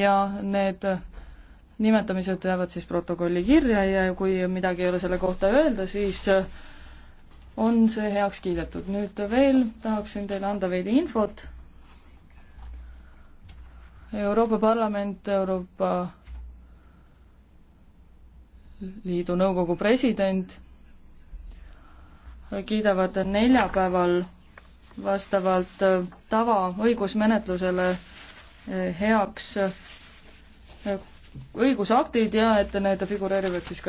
ja need nimetamised jäävad siis protokolli kirja ja kui midagi ei ole selle kohta öelda, siis on see heaks kiidetud. nüüd veel tahaksin teile anda veidi infot. Euroopa Parlament, Euroopa Liidu Nõukogu president kiidavad neljapäeval vastavalt tava õigusmenetlusele heaks õigusaktid ja et need figureerivad siis ka